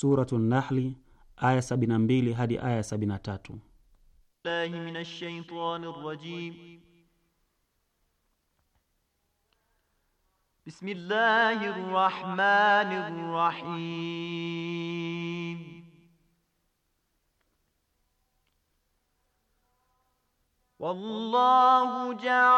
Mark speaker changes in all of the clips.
Speaker 1: Suratu Nahli aya 72 hadi aya 73.
Speaker 2: Billahi minash shaitani rrajim. Bismillahir rahmanir rahim. Wallahu ja'a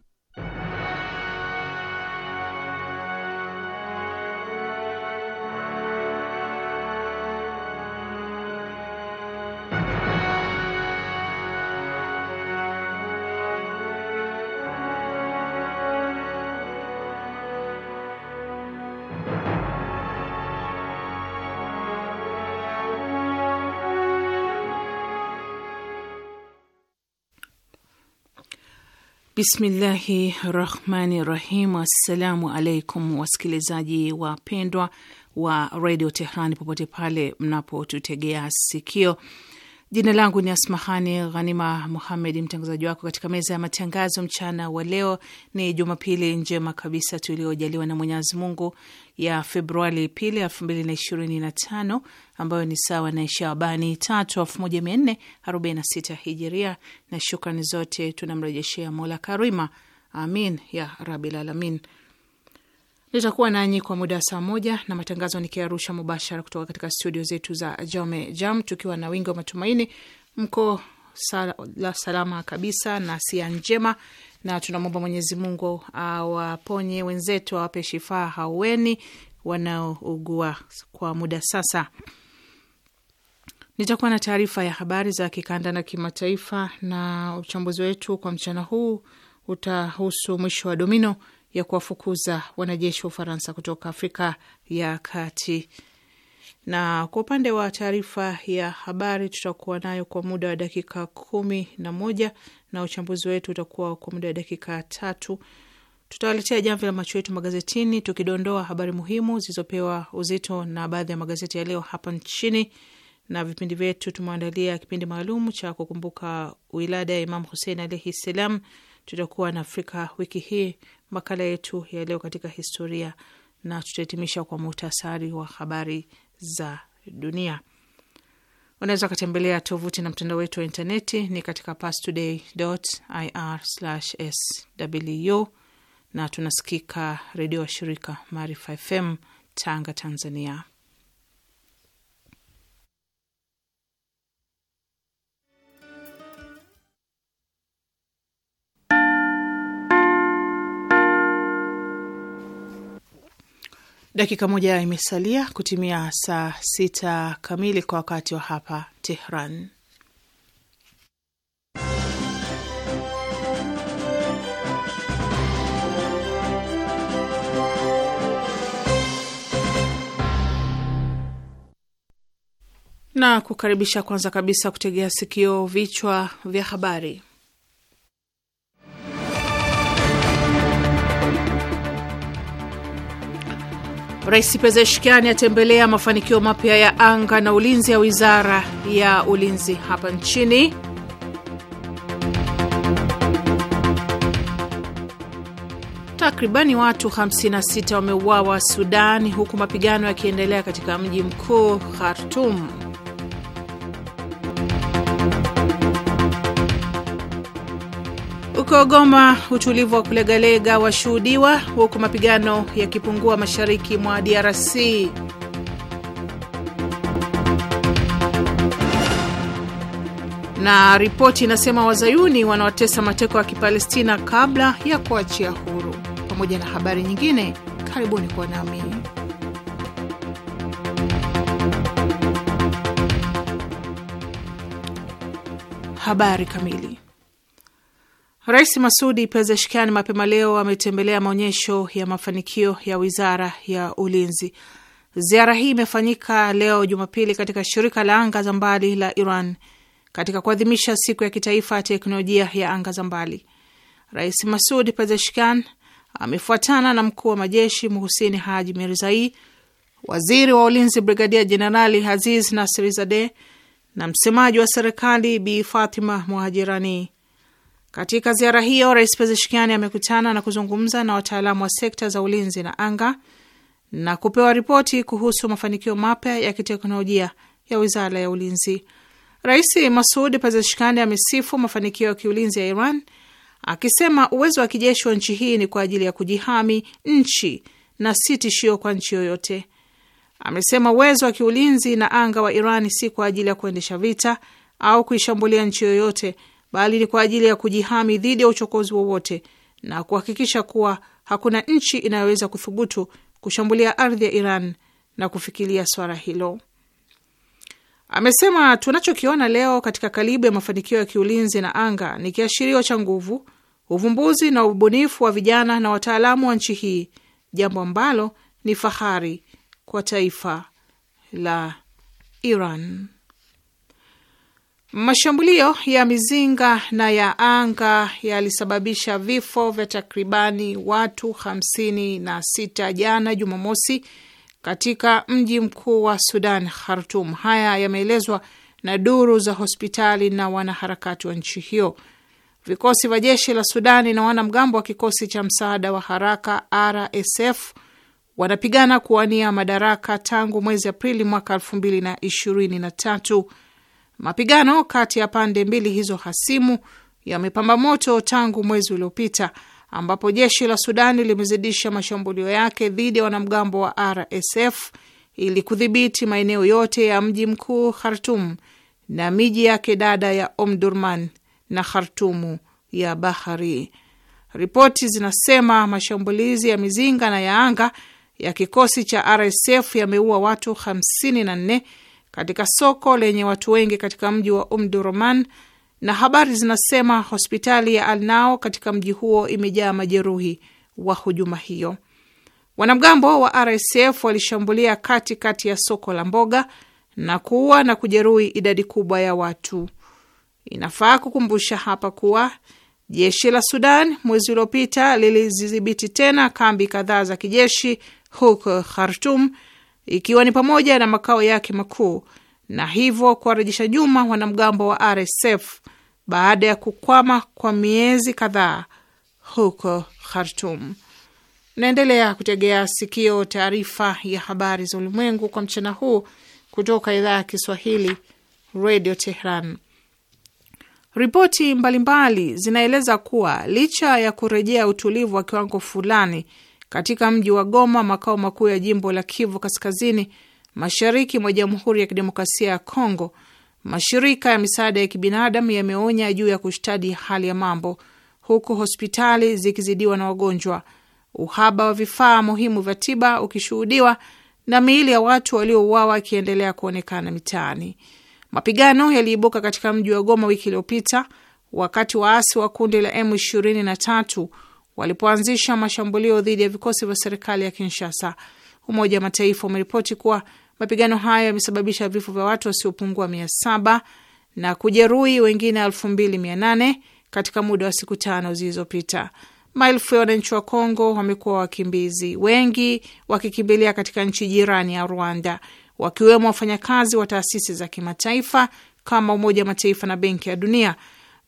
Speaker 3: Bismillahi rahmani rahim. Assalamu alaikum wasikilizaji wapendwa wa redio tehrani popote pale mnapotutegea sikio. Jina langu ni Asmahani Ghanima Muhamed, mtangazaji wako katika meza ya matangazo. Mchana wa leo ni Jumapili njema kabisa tuliojaliwa na Mwenyezi Mungu ya Februari pili elfu mbili na ishirini na tano ambayo ni sawa na Shabani tatu elfu moja mia nne arobaini na sita hijiria, na shukrani zote tunamrejeshea Mola Karima, amin ya rabil alamin. Nitakuwa nanyi kwa muda wa saa moja na matangazo nikiarusha mubashara kutoka katika studio zetu za Jome Jam, tukiwa na wingi wa matumaini. Mko sala, salama kabisa na sia njema, na tunamwomba Mwenyezi Mungu awaponye wenzetu, awape shifaa haueni wanaougua kwa muda sasa. Nitakuwa na taarifa ya habari za kikanda na kimataifa, na uchambuzi wetu kwa mchana huu utahusu mwisho wa domino ya kuwafukuza wanajeshi wa Ufaransa kutoka Afrika ya Kati. Na kwa upande wa taarifa ya habari tutakuwa nayo kwa muda wa dakika kumi na moja na uchambuzi wetu utakuwa kwa muda wa dakika tatu. Tutawaletea jamvi la macho yetu magazetini, tukidondoa habari muhimu zilizopewa uzito na baadhi ya magazeti ya leo hapa nchini na vipindi vyetu tumeandalia kipindi maalum cha kukumbuka wilada ya Imam Husein alaihi ssalam. Tutakuwa na Afrika wiki hii makala yetu ya leo katika historia, na tutahitimisha kwa muhtasari wa habari za dunia. Unaweza ukatembelea tovuti na mtandao wetu wa intaneti ni katika pastoday.ir/sw, na tunasikika redio wa shirika Maarifa FM Tanga, Tanzania. Dakika moja imesalia kutimia saa sita kamili kwa wakati wa hapa Tehran. Na kukaribisha kwanza kabisa kutegea sikio vichwa vya habari. Rais Pezeshkiani atembelea mafanikio mapya ya anga na ulinzi ya wizara ya ulinzi hapa nchini. Takribani watu 56 wameuawa Sudani, huku mapigano yakiendelea katika mji mkuu Khartum. Huko Goma, utulivu wa kulegalega washuhudiwa huku mapigano yakipungua mashariki mwa DRC. Na ripoti inasema wazayuni wanaotesa mateka wa Kipalestina kabla ya kuachia huru, pamoja na habari nyingine. Karibuni kwa nami habari kamili. Rais Masudi Pezeshkian mapema leo ametembelea maonyesho ya mafanikio ya wizara ya ulinzi. Ziara hii imefanyika leo Jumapili katika shirika la anga za mbali la Iran katika kuadhimisha siku ya kitaifa ya teknolojia ya anga za mbali. Rais Masud Pezeshkian amefuatana na mkuu wa majeshi Muhusini Haji Mirzai, waziri wa ulinzi Brigadia Jenerali Aziz Nasrizadeh na msemaji wa serikali Bi Fatima Muhajirani. Katika ziara hiyo, Rais Pezeshkiani amekutana na kuzungumza na wataalamu wa sekta za ulinzi na anga na kupewa ripoti kuhusu mafanikio mapya ya kiteknolojia ya wizara ya ulinzi. Rais Masud pezeshkani amesifu mafanikio ya kiulinzi ya Iran akisema uwezo wa kijeshi wa nchi hii ni kwa ajili ya kujihami nchi na si tishio kwa nchi yoyote. Amesema uwezo wa kiulinzi na anga wa Iran si kwa ajili ya kuendesha vita au kuishambulia nchi yoyote, bali ni kwa ajili ya kujihami dhidi ya uchokozi wowote na kuhakikisha kuwa hakuna nchi inayoweza kuthubutu kushambulia ardhi ya Iran na kufikiria swala hilo. Amesema tunachokiona leo katika kalibu ya mafanikio ya kiulinzi na anga ni kiashirio cha nguvu, uvumbuzi na ubunifu wa vijana na wataalamu wa nchi hii, jambo ambalo ni fahari kwa taifa la Iran. Mashambulio ya mizinga na ya anga yalisababisha vifo vya takribani watu hamsini na sita jana Jumamosi katika mji mkuu wa Sudan, Khartum. Haya yameelezwa na duru za hospitali na wanaharakati wa nchi hiyo. Vikosi vya jeshi la Sudani na wanamgambo wa kikosi cha msaada wa haraka RSF wanapigana kuwania madaraka tangu mwezi Aprili mwaka elfu mbili na ishirini na tatu Mapigano kati ya pande mbili hizo hasimu yamepamba moto tangu mwezi uliopita, ambapo jeshi la Sudani limezidisha mashambulio yake dhidi ya wanamgambo wa RSF ili kudhibiti maeneo yote ya mji mkuu Khartum na miji yake dada ya Omdurman na Khartumu ya Bahari. Ripoti zinasema mashambulizi ya mizinga na ya anga ya kikosi cha RSF yameua watu 54 katika soko lenye watu wengi katika mji wa Umduruman, na habari zinasema hospitali ya Alnao katika mji huo imejaa majeruhi wa hujuma hiyo. Wanamgambo wa RSF walishambulia katikati kati ya soko la mboga na kuua na kujeruhi idadi kubwa ya watu. Inafaa kukumbusha hapa kuwa jeshi la Sudan mwezi uliopita lilizidhibiti tena kambi kadhaa za kijeshi huko Khartum ikiwa ni pamoja na makao yake makuu, na hivyo kuwarejesha nyuma wanamgambo wa RSF baada ya kukwama kwa miezi kadhaa huko Khartum. Naendelea kutegea sikio taarifa ya habari za ulimwengu kwa mchana huu kutoka idhaa ya Kiswahili, Radio Tehran. Ripoti mbalimbali zinaeleza kuwa licha ya kurejea utulivu wa kiwango fulani katika mji wa Goma, makao makuu ya jimbo la Kivu Kaskazini, mashariki mwa Jamhuri ya Kidemokrasia ya Kongo, mashirika ya misaada ya kibinadamu yameonya juu ya kushtadi hali ya mambo, huku hospitali zikizidiwa na wagonjwa, uhaba wa vifaa muhimu vya tiba ukishuhudiwa na miili ya watu waliouawa ikiendelea kuonekana mitaani. Mapigano yaliibuka katika mji wa Goma wiki iliyopita wakati waasi wa kundi la M23 walipoanzisha mashambulio dhidi ya vikosi vya serikali ya Kinshasa. Umoja wa Mataifa umeripoti kuwa mapigano hayo yamesababisha vifo vya watu wasiopungua mia saba na kujeruhi wengine elfu mbili mia nane katika muda wa siku tano zilizopita. Maelfu ya wananchi wa Kongo wamekuwa wakimbizi, wengi wakikimbilia katika nchi jirani ya Rwanda, wakiwemo wafanyakazi wa taasisi za kimataifa kama Umoja wa Mataifa na Benki ya Dunia.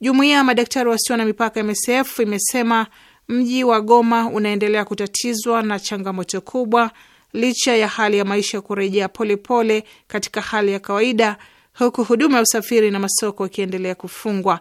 Speaker 3: Jumuiya ya Madaktari Wasio na Mipaka, MSF, imesema mji wa Goma unaendelea kutatizwa na changamoto kubwa licha ya hali ya maisha kurejea polepole katika hali ya kawaida, huku huduma ya usafiri na masoko ikiendelea kufungwa.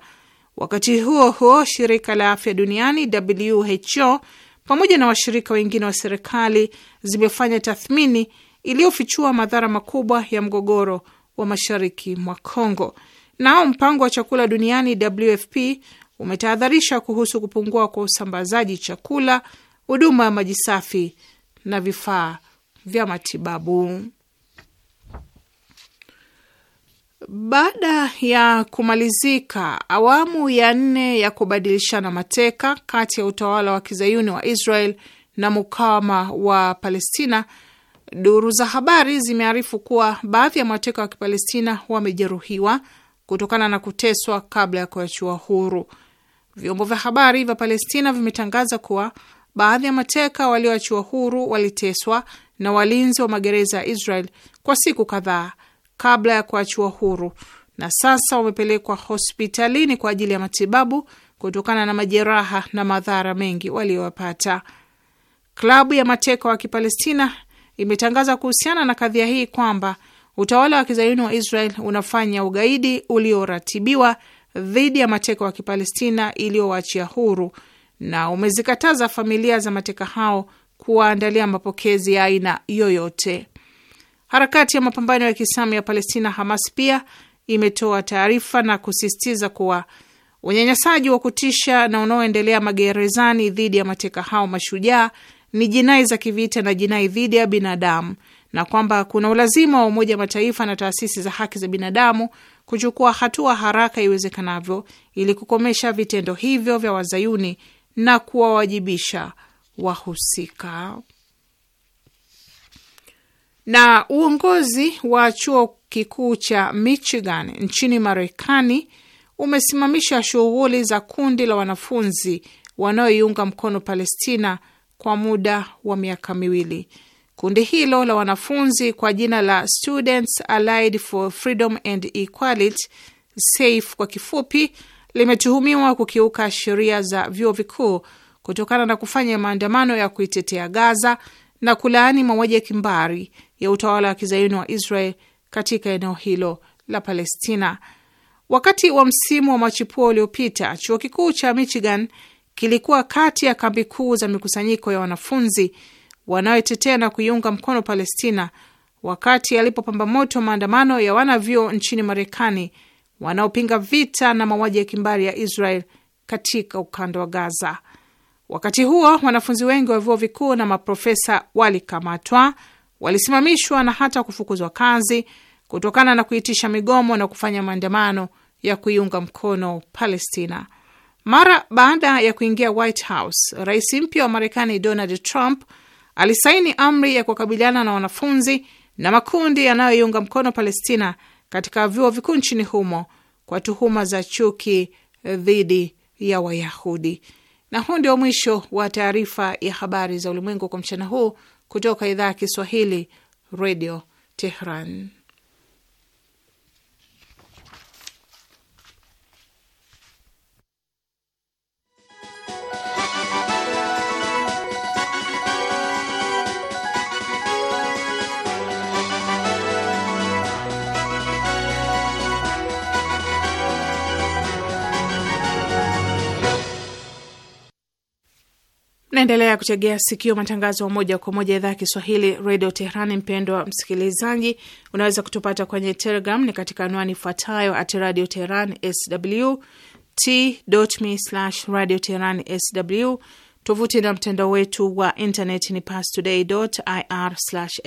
Speaker 3: Wakati huo huo, shirika la afya duniani WHO pamoja na washirika wengine wa serikali zimefanya tathmini iliyofichua madhara makubwa ya mgogoro wa mashariki mwa congo Nao mpango wa chakula duniani WFP umetahadharisha kuhusu kupungua kwa usambazaji chakula, huduma ya maji safi na vifaa vya matibabu. Baada ya kumalizika awamu ya nne ya kubadilishana mateka kati ya utawala wa kizayuni wa Israel na mukawama wa Palestina, duru za habari zimearifu kuwa baadhi ya mateka wa Kipalestina wamejeruhiwa kutokana na kuteswa kabla ya kuachiwa huru. Vyombo vya habari vya Palestina vimetangaza kuwa baadhi ya mateka walioachiwa huru waliteswa na walinzi wa magereza ya Israel kwa siku kadhaa kabla ya kuachiwa huru na sasa wamepelekwa hospitalini kwa ajili ya matibabu kutokana na majeraha na madhara mengi waliowapata Klabu ya mateka wa Kipalestina imetangaza kuhusiana na kadhia hii kwamba utawala wa kizayuni wa Israel unafanya ugaidi ulioratibiwa dhidi ya mateka wa Kipalestina iliyowaachia huru na umezikataza familia za mateka hao kuwaandalia mapokezi ya aina yoyote. Harakati ya mapambano ya Kiislamu ya Palestina, Hamas, pia imetoa taarifa na kusisitiza kuwa unyanyasaji wa kutisha na unaoendelea magerezani dhidi ya mateka hao mashujaa ni jinai za kivita na jinai dhidi ya binadamu na kwamba kuna ulazima wa Umoja wa Mataifa na taasisi za haki za binadamu kuchukua hatua haraka iwezekanavyo ili kukomesha vitendo hivyo vya wazayuni na kuwawajibisha wahusika. Na uongozi wa chuo kikuu cha Michigan nchini Marekani umesimamisha shughuli za kundi la wanafunzi wanaoiunga mkono Palestina kwa muda wa miaka miwili. Kundi hilo la wanafunzi kwa jina la Students Allied for Freedom and Equality, SAFE kwa kifupi, limetuhumiwa kukiuka sheria za vyuo vikuu kutokana na kufanya maandamano ya kuitetea Gaza na kulaani mauaji ya kimbari ya utawala wa kizayuni wa Israel katika eneo hilo la Palestina. Wakati wa msimu wa machipuo uliopita, chuo kikuu cha Michigan kilikuwa kati ya kambi kuu za mikusanyiko ya wanafunzi wanaoitetea na kuiunga mkono Palestina wakati alipopamba moto maandamano ya wanavyuo nchini Marekani wanaopinga vita na mauaji ya kimbari ya Israel katika ukanda wa Gaza. Wakati huo wanafunzi wengi wa vyuo vikuu na maprofesa walikamatwa, walisimamishwa na hata kufukuzwa kazi kutokana na kuitisha migomo na kufanya maandamano ya kuiunga mkono Palestina. Mara baada ya kuingia White House, rais mpya wa Marekani Donald Trump alisaini amri ya kukabiliana na wanafunzi na makundi yanayoiunga mkono Palestina katika vyuo vikuu nchini humo kwa tuhuma za chuki eh, dhidi ya Wayahudi. Na huu ndio mwisho wa taarifa ya habari za ulimwengu kwa mchana huu kutoka idhaa ya Kiswahili, Radio Tehran. Naendelea kutegea sikio matangazo moja kwa moja idhaa ya Kiswahili redio Tehrani. Mpendwa msikilizaji, unaweza kutupata kwenye Telegram ni katika anwani ifuatayo at radio tehran sw t.me slash radio tehran sw. Tovuti na mtandao wetu wa intaneti ni pastoday.ir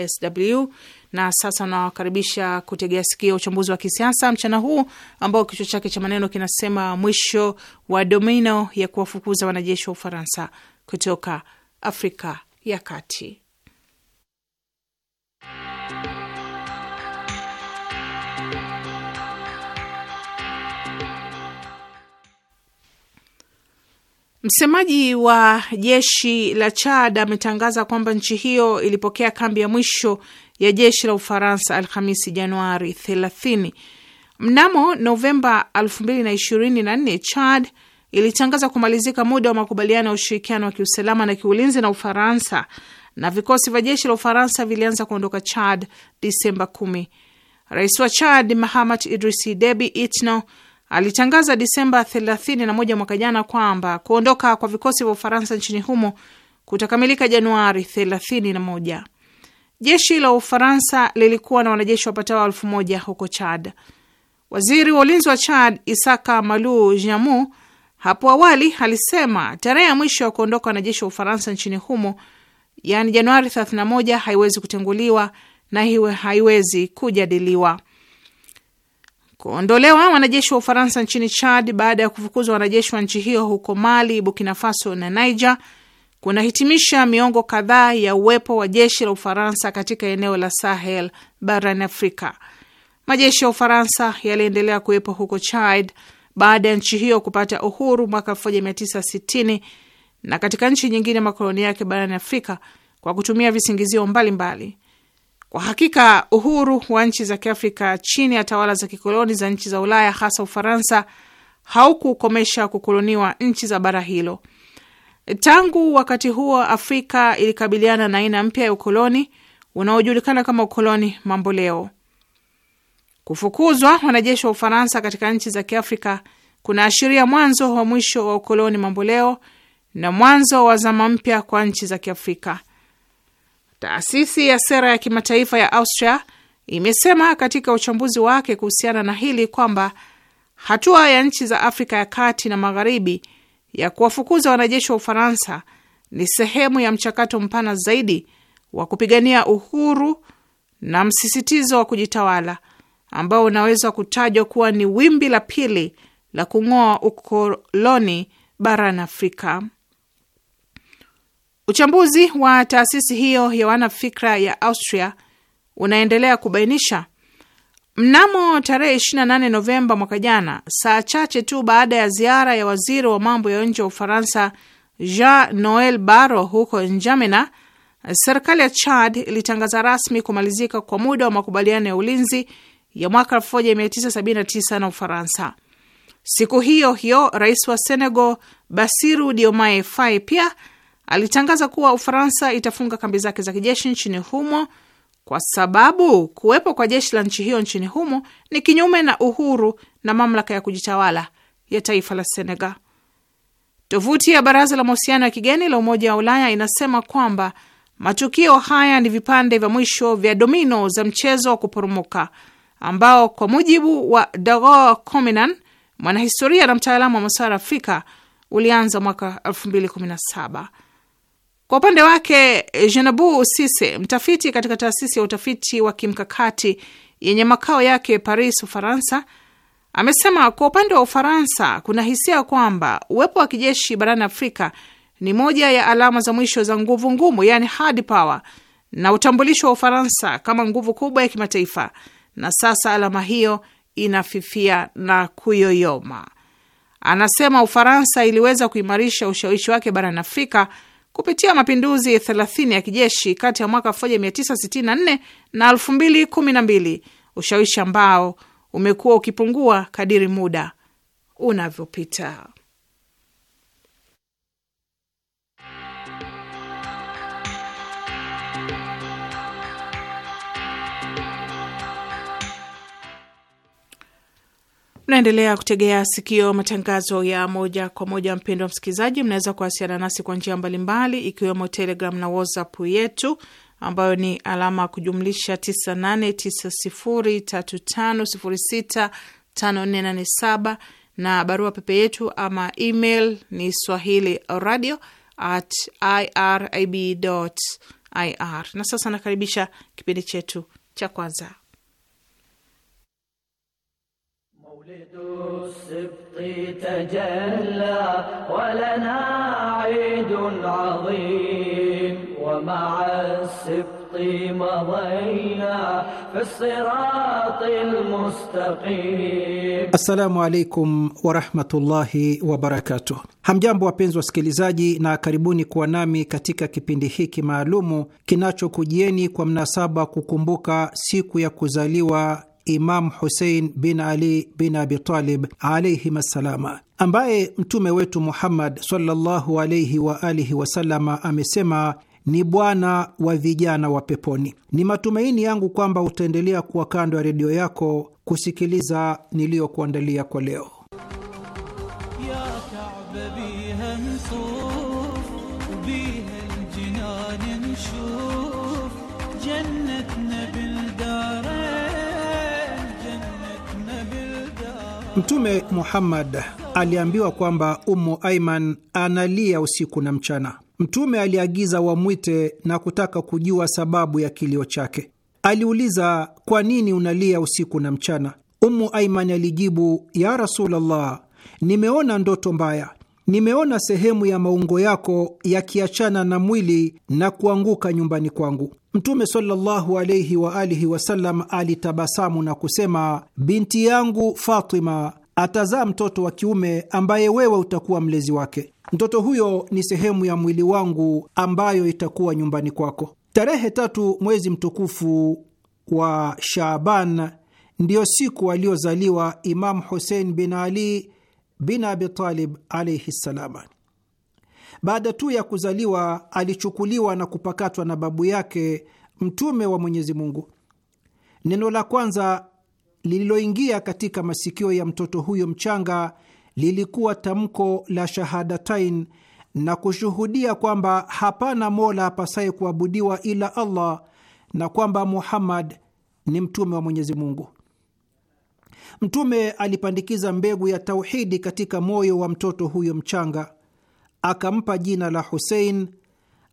Speaker 3: sw. Na sasa nawakaribisha kutegea sikio uchambuzi wa kisiasa mchana huu ambao kichwa chake cha maneno kinasema mwisho wa domino ya kuwafukuza wanajeshi wa Ufaransa kutoka Afrika ya Kati. Msemaji wa jeshi la Chad ametangaza kwamba nchi hiyo ilipokea kambi ya mwisho ya jeshi la Ufaransa Alhamisi, Januari 30. Mnamo Novemba 2024 Chad ilitangaza kumalizika muda wa makubaliano ya ushirikiano wa kiusalama na kiulinzi na Ufaransa, na vikosi vya jeshi la Ufaransa vilianza kuondoka Chad Disemba 10. Rais wa Chad Mahamat Idrisi Debi Itno alitangaza Disemba 31 mwaka jana kwamba kuondoka kwa vikosi vya Ufaransa nchini humo kutakamilika Januari 31. Jeshi la Ufaransa lilikuwa na wanajeshi wapatao elfu moja huko Chad. Waziri wa ulinzi wa Chad Isaka Malu Jamu hapo awali alisema tarehe ya mwisho ya kuondoka wanajeshi wa Ufaransa nchini humo, yaani Januari 31, haiwezi kutenguliwa na hiwe haiwezi kujadiliwa. Kuondolewa wanajeshi wa Ufaransa nchini Chad baada ya kufukuzwa wanajeshi wa nchi hiyo huko Mali, Burkina Faso na Niger kunahitimisha miongo kadhaa ya uwepo wa jeshi la Ufaransa katika eneo la Sahel barani Afrika. Majeshi ya Ufaransa yaliendelea kuwepo huko Chad baada ya nchi hiyo kupata uhuru mwaka 1960 na katika nchi nyingine makoloni yake barani Afrika kwa kutumia visingizio mbalimbali mbali. Kwa hakika uhuru wa nchi za Kiafrika chini ya tawala za kikoloni za nchi za Ulaya hasa Ufaransa haukukomesha kukoloniwa nchi za bara hilo. Tangu wakati huo, Afrika ilikabiliana na aina mpya ya ukoloni unaojulikana kama ukoloni mamboleo. Kufukuzwa wanajeshi wa Ufaransa katika nchi za Kiafrika kunaashiria mwanzo wa mwisho wa ukoloni mamboleo na mwanzo wa zama mpya kwa nchi za Kiafrika. Taasisi ya sera ya kimataifa ya Austria imesema katika uchambuzi wake kuhusiana na hili kwamba hatua ya nchi za Afrika ya kati na magharibi ya kuwafukuza wanajeshi wa Ufaransa ni sehemu ya mchakato mpana zaidi wa kupigania uhuru na msisitizo wa kujitawala ambao unaweza kutajwa kuwa ni wimbi la pili la kung'oa ukoloni barani Afrika. Uchambuzi wa taasisi hiyo ya wanafikra ya Austria unaendelea kubainisha, mnamo tarehe 28 Novemba mwaka jana, saa chache tu baada ya ziara ya waziri wa mambo ya nje wa Ufaransa Jean Noel Barro huko njamina serikali ya Chad ilitangaza rasmi kumalizika kwa muda wa makubaliano ya ulinzi ya mwaka 1979 na Ufaransa. Siku hiyo hiyo rais wa Senegal Basiru Diomaye Faye pia alitangaza kuwa Ufaransa itafunga kambi zake za kijeshi nchini humo kwa sababu kuwepo kwa jeshi la nchi hiyo nchini humo ni kinyume na uhuru na mamlaka ya kujitawala ya taifa la Senegal. Tovuti ya Baraza la Mahusiano ya Kigeni la Umoja wa Ulaya inasema kwamba matukio haya ni vipande vya mwisho vya domino za mchezo wa kuporomoka ambao kwa mujibu wa Dago Cominan, mwanahistoria na mtaalamu wa masuala Afrika, ulianza mwaka 2017. Kwa upande wake Jenabu Sise, mtafiti katika taasisi ya utafiti wa kimkakati yenye makao yake Paris, Ufaransa, amesema kwa upande wa Ufaransa kuna hisia kwamba uwepo wa kijeshi barani Afrika ni moja ya alama za mwisho za nguvu ngumu, yani hard power, na utambulisho wa Ufaransa kama nguvu kubwa ya kimataifa na sasa alama hiyo inafifia na kuyoyoma. Anasema Ufaransa iliweza kuimarisha ushawishi wake barani Afrika kupitia mapinduzi 30 ya kijeshi kati ya mwaka 1964 na 2012, ushawishi ambao umekuwa ukipungua kadiri muda unavyopita. Mnaendelea kutegea sikio matangazo ya moja kwa moja. Mpendo wa msikilizaji, mnaweza kuwasiliana nasi kwa njia mbalimbali, ikiwemo Telegram na WhatsApp yetu ambayo ni alama ya kujumlisha 989035065487 na barua pepe yetu ama email ni swahili radio at irib ir. Na sasa nakaribisha kipindi chetu cha kwanza
Speaker 2: مولد السبط تجلى ولنا عيد عظيم ومع السبط مضينا في الصراط المستقيم
Speaker 4: السلام عليكم ورحمة الله وبركاته Hamjambo, wapenzi wasikilizaji, na karibuni kuwa nami katika kipindi hiki maalumu kinachokujieni kwa mnasaba kukumbuka siku ya kuzaliwa Imam Husein bin Ali bin Abitalib alaihim assalama, ambaye mtume wetu Muhammad sallallahu alaihi wa alihi wasalama amesema ni bwana wa vijana wa peponi. Ni matumaini yangu kwamba utaendelea kuwa kando ya redio yako kusikiliza niliyokuandalia kwa leo. Mtume Muhammad aliambiwa kwamba Ummu Aiman analia usiku na mchana. Mtume aliagiza wamwite na kutaka kujua sababu ya kilio chake. Aliuliza, kwa nini unalia usiku na mchana? Ummu Aiman alijibu, ya Rasulullah, nimeona ndoto mbaya. Nimeona sehemu ya maungo yako yakiachana na mwili na kuanguka nyumbani kwangu. Mtume sallallahu alayhi wa alihi wasallam alitabasamu na kusema, binti yangu Fatima atazaa mtoto wa kiume ambaye wewe utakuwa mlezi wake. Mtoto huyo ni sehemu ya mwili wangu ambayo itakuwa nyumbani kwako. Tarehe tatu mwezi mtukufu wa Shaaban ndiyo siku aliyozaliwa Imamu Husein bin Ali bin Abi Talib alaihi ssalam. Baada tu ya kuzaliwa alichukuliwa na kupakatwa na babu yake Mtume wa Mwenyezi Mungu. Neno la kwanza lililoingia katika masikio ya mtoto huyo mchanga lilikuwa tamko la shahadatain na kushuhudia kwamba hapana mola apasaye kuabudiwa ila Allah na kwamba Muhammad ni mtume wa Mwenyezi Mungu. Mtume alipandikiza mbegu ya tauhidi katika moyo wa mtoto huyo mchanga akampa jina la Husein,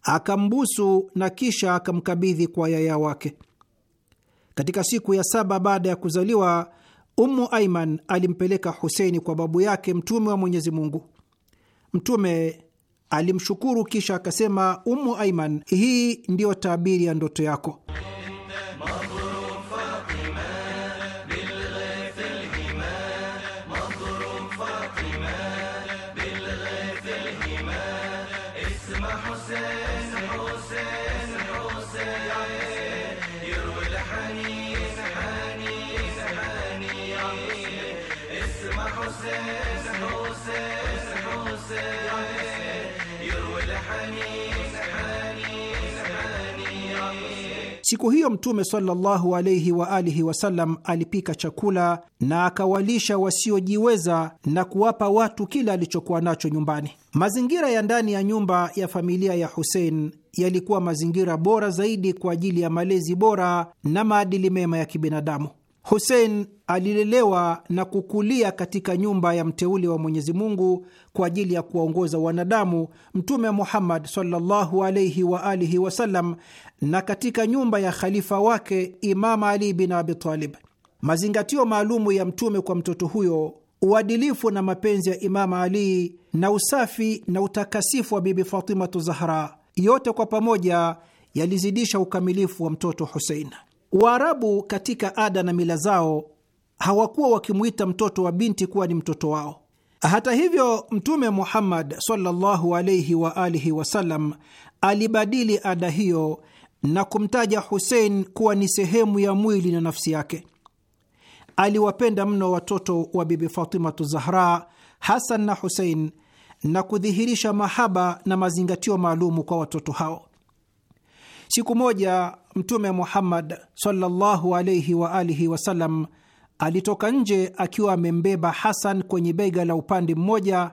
Speaker 4: akambusu na kisha akamkabidhi kwa yaya wake. Katika siku ya saba baada ya kuzaliwa, Ummu Aiman alimpeleka Huseini kwa babu yake Mtume wa Mwenyezi Mungu. Mtume alimshukuru kisha akasema, Ummu Aiman, hii ndiyo tabiri ya ndoto yako.
Speaker 2: ما حسين حسين حسين يروي الحنين حنين حنين اسم حسين حسين حسين
Speaker 5: يروي الحنين
Speaker 4: Siku hiyo Mtume sallallahu alaihi wa alihi wasallam alipika chakula na akawalisha wasiojiweza na kuwapa watu kila alichokuwa nacho nyumbani. Mazingira ya ndani ya nyumba ya familia ya Husein yalikuwa mazingira bora zaidi kwa ajili ya malezi bora na maadili mema ya kibinadamu. Husein alilelewa na kukulia katika nyumba ya mteule wa Mwenyezi Mungu kwa ajili ya kuwaongoza wanadamu. Mtume Muhammad sallallahu alaihi wa alihi wasallam na katika nyumba ya khalifa wake Imam Ali bin Abi Talib. Mazingatio maalumu ya Mtume kwa mtoto huyo, uadilifu na mapenzi ya Imam Ali na usafi na utakasifu wa Bibi Fatimatu Zahra, yote kwa pamoja yalizidisha ukamilifu wa mtoto Husein. Waarabu katika ada na mila zao hawakuwa wakimwita mtoto wa binti kuwa ni mtoto wao. Hata hivyo, Mtume Muhammad sallallahu alaihi wa alihi wasallam alibadili ada hiyo na kumtaja Husein kuwa ni sehemu ya mwili na nafsi yake. Aliwapenda mno watoto wa Bibi Fatimatu Zahra, Hasan na Husein, na kudhihirisha mahaba na mazingatio maalumu kwa watoto hao. Siku moja Mtume Muhammad sallallahu alaihi wa alihi wasallam alitoka nje akiwa amembeba Hasan kwenye bega la upande mmoja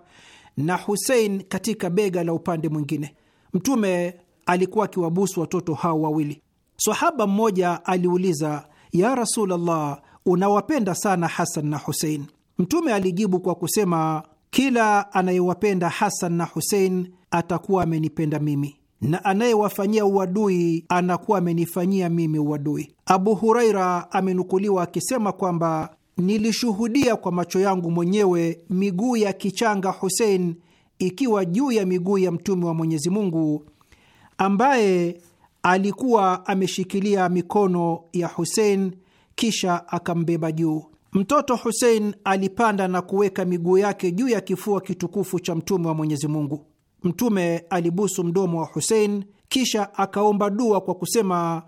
Speaker 4: na Husein katika bega la upande mwingine. Mtume alikuwa akiwabusu watoto hao wawili. Sahaba mmoja aliuliza, ya Rasulullah, unawapenda sana Hasan na Husein? Mtume alijibu kwa kusema, kila anayewapenda Hasan na Husein atakuwa amenipenda mimi na anayewafanyia uadui anakuwa amenifanyia mimi uadui. Abu Huraira amenukuliwa akisema kwamba nilishuhudia kwa macho yangu mwenyewe miguu ya kichanga Husein ikiwa juu ya miguu ya mtume wa Mwenyezi Mungu ambaye alikuwa ameshikilia mikono ya Husein kisha akambeba juu. Mtoto Husein alipanda na kuweka miguu yake juu ya kifua kitukufu cha mtume wa Mwenyezi Mungu. Mtume alibusu mdomo wa Husein kisha akaomba dua kwa kusema,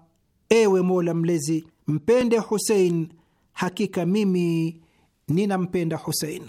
Speaker 4: ewe Mola Mlezi, mpende Husein, hakika mimi ninampenda Husein.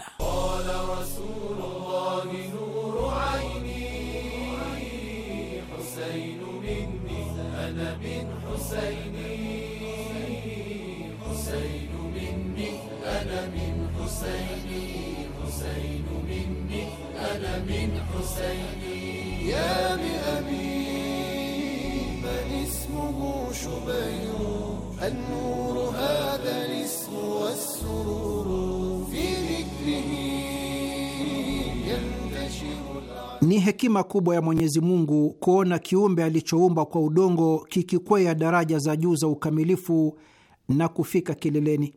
Speaker 4: ni hekima kubwa ya Mwenyezi Mungu kuona kiumbe alichoumba kwa udongo kikikwea daraja za juu za ukamilifu na kufika kileleni.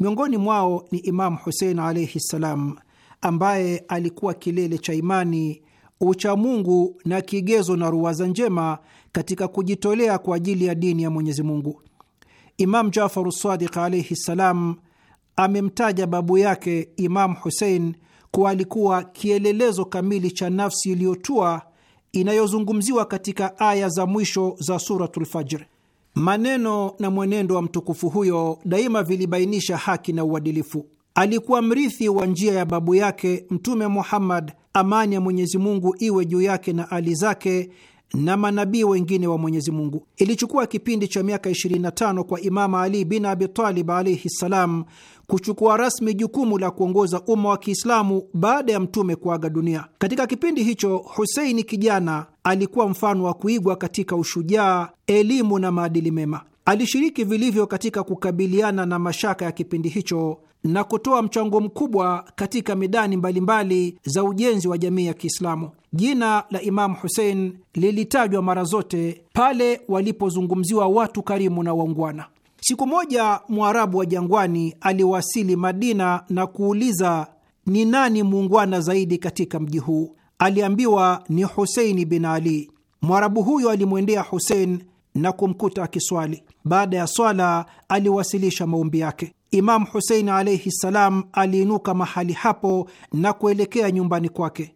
Speaker 4: Miongoni mwao ni Imamu Husein alaihi ssalam, ambaye alikuwa kilele cha imani, uchamungu na kigezo na ruwaza njema katika kujitolea kwa ajili ya dini ya Mwenyezi Mungu. Imam Jafaru Sadiq alaihi ssalam amemtaja babu yake Imam Husein kuwa alikuwa kielelezo kamili cha nafsi iliyotua inayozungumziwa katika aya za mwisho za Suratul Fajr. Maneno na mwenendo wa mtukufu huyo daima vilibainisha haki na uadilifu. Alikuwa mrithi wa njia ya babu yake Mtume Muhammad, amani ya Mwenyezi Mungu iwe juu yake na ali zake, na manabii wengine wa Mwenyezi Mungu. Ilichukua kipindi cha miaka 25 kwa Imama Ali bin Abi Talib alaihi ssalam kuchukua rasmi jukumu la kuongoza umma wa Kiislamu baada ya mtume kuaga dunia. Katika kipindi hicho, Huseini kijana alikuwa mfano wa kuigwa katika ushujaa, elimu na maadili mema. Alishiriki vilivyo katika kukabiliana na mashaka ya kipindi hicho na kutoa mchango mkubwa katika midani mbalimbali za ujenzi wa jamii ya Kiislamu. Jina la Imamu Husein lilitajwa mara zote pale walipozungumziwa watu karimu na waungwana. Siku moja Mwarabu wa jangwani aliwasili Madina na kuuliza ni nani muungwana zaidi katika mji huu. Aliambiwa ni Huseini bin Ali. Mwarabu huyo alimwendea Husein na kumkuta akiswali. Baada ya swala, aliwasilisha maombi yake. Imamu Husein alaihi ssalam aliinuka mahali hapo na kuelekea nyumbani kwake.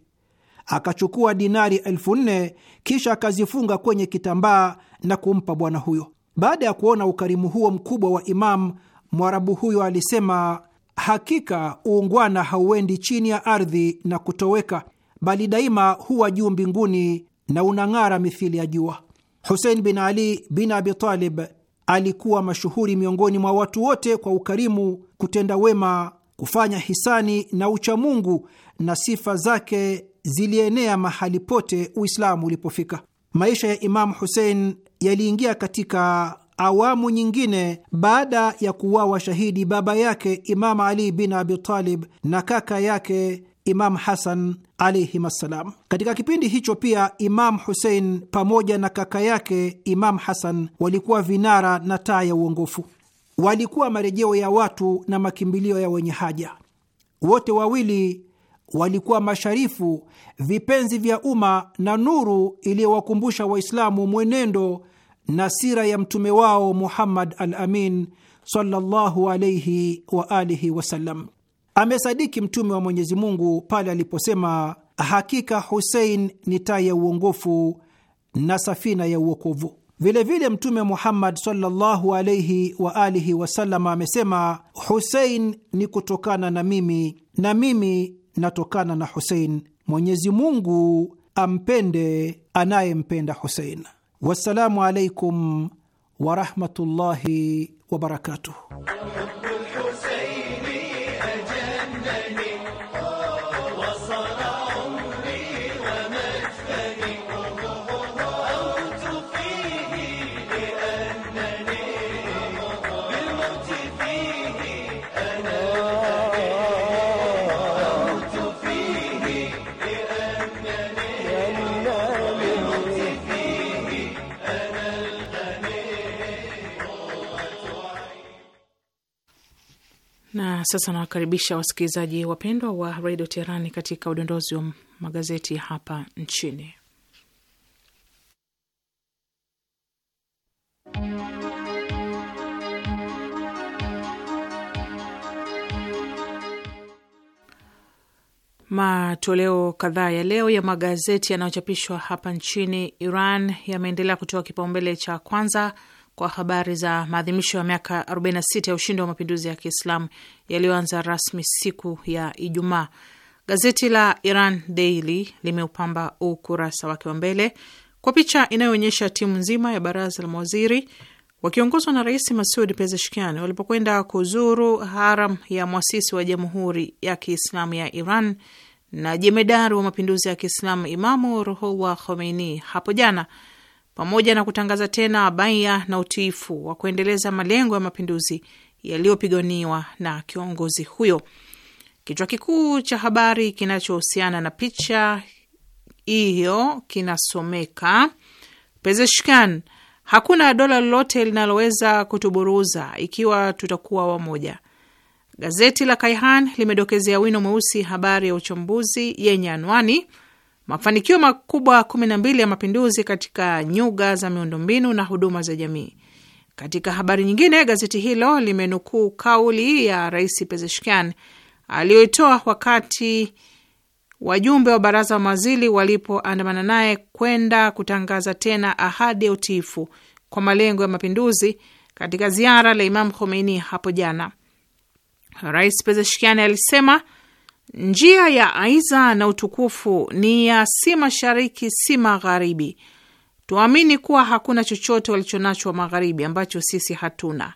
Speaker 4: Akachukua dinari elfu nne kisha akazifunga kwenye kitambaa na kumpa bwana huyo. Baada ya kuona ukarimu huo mkubwa wa Imamu, Mwarabu huyo alisema, hakika uungwana hauendi chini ya ardhi na kutoweka, bali daima huwa juu mbinguni na unang'ara mithili ya jua. Husein bin Ali bin Abi Talib alikuwa mashuhuri miongoni mwa watu wote kwa ukarimu, kutenda wema, kufanya hisani na uchamungu, na sifa zake zilienea mahali pote Uislamu ulipofika. Maisha ya Imamu Husein yaliingia katika awamu nyingine baada ya kuwawa shahidi baba yake Imamu Ali bin Abi Talib na kaka yake Imam Hasan alaihim assalam. Katika kipindi hicho pia Imam Husein pamoja na kaka yake Imam Hasan walikuwa vinara na taa ya uongofu, walikuwa marejeo ya watu na makimbilio ya wenye haja. Wote wawili walikuwa masharifu, vipenzi vya umma na nuru iliyowakumbusha Waislamu mwenendo na sira ya mtume wao Muhammad al Amin sallallahu alaihi wa alihi wasallam amesadiki mtume wa Mwenyezi Mungu pale aliposema, hakika Husein ni taa ya uongofu na safina ya uokovu. Vilevile Mtume Muhammad sallallahu alaihi wa alihi wasallam amesema, Husein ni kutokana na mimi na mimi natokana na Husein. Mwenyezi Mungu ampende anayempenda Husein. Wassalamu alaikum warahmatullahi wabarakatuh.
Speaker 3: sasa nawakaribisha wasikilizaji wapendwa wa redio Teherani katika udondozi wa magazeti hapa nchini. Matoleo kadhaa ya leo ya magazeti yanayochapishwa hapa nchini Iran yameendelea kutoa kipaumbele cha kwanza kwa habari za maadhimisho ya miaka 46 ya ushindi wa mapinduzi ya Kiislamu yaliyoanza rasmi siku ya Ijumaa. Gazeti la Iran Daily limeupamba ukurasa wake wa mbele kwa picha inayoonyesha timu nzima ya baraza la mawaziri wakiongozwa na Rais Masud Pezeshkian walipokwenda kuzuru haram ya mwasisi wa Jamhuri ya Kiislamu ya Iran na jemedari wa mapinduzi ya Kiislamu Imamu Ruhullah Khomeini hapo jana pamoja na kutangaza tena baya na utiifu wa kuendeleza malengo ya mapinduzi yaliyopiganiwa na kiongozi huyo. Kichwa kikuu cha habari kinachohusiana na picha hiyo kinasomeka Pezeshkan, hakuna dola lolote linaloweza kutuburuza ikiwa tutakuwa wamoja. Gazeti la Kaihan limedokezea wino mweusi habari ya uchambuzi yenye anwani mafanikio makubwa mbili ya mapinduzi katika nyuga za miundombinu na huduma za jamii. Katika habari nyingine, gazeti hilo limenukuu kauli ya Rais Pezeshkian aliyoitoa wakati wajumbe wa baraza wa mawaziri walipoandamana naye kwenda kutangaza tena ahadi ya utiifu kwa malengo ya mapinduzi katika ziara la Imam Khomeini hapo jana. Rais Pezeshkian alisema Njia ya aiza na utukufu ni ya si mashariki si magharibi. Tuamini kuwa hakuna chochote walichonacho wa magharibi ambacho sisi hatuna.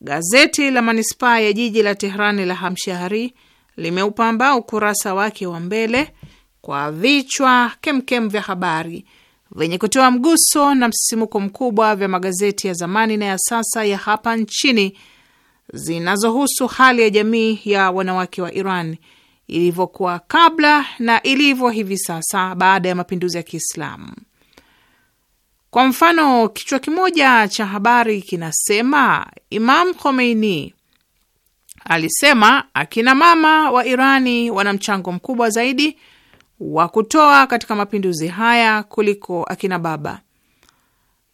Speaker 3: Gazeti la manispaa ya jiji la Tehrani la Hamshahari limeupamba ukurasa wake wa mbele kwa vichwa kemkem vya habari vyenye kutoa mguso na msisimuko mkubwa vya magazeti ya zamani na ya sasa ya hapa nchini zinazohusu hali ya jamii ya wanawake wa Iran ilivyokuwa kabla na ilivyo hivi sasa baada ya mapinduzi ya Kiislamu. Kwa mfano, kichwa kimoja cha habari kinasema Imam Khomeini alisema akina mama wa Irani wana mchango mkubwa zaidi wa kutoa katika mapinduzi haya kuliko akina baba.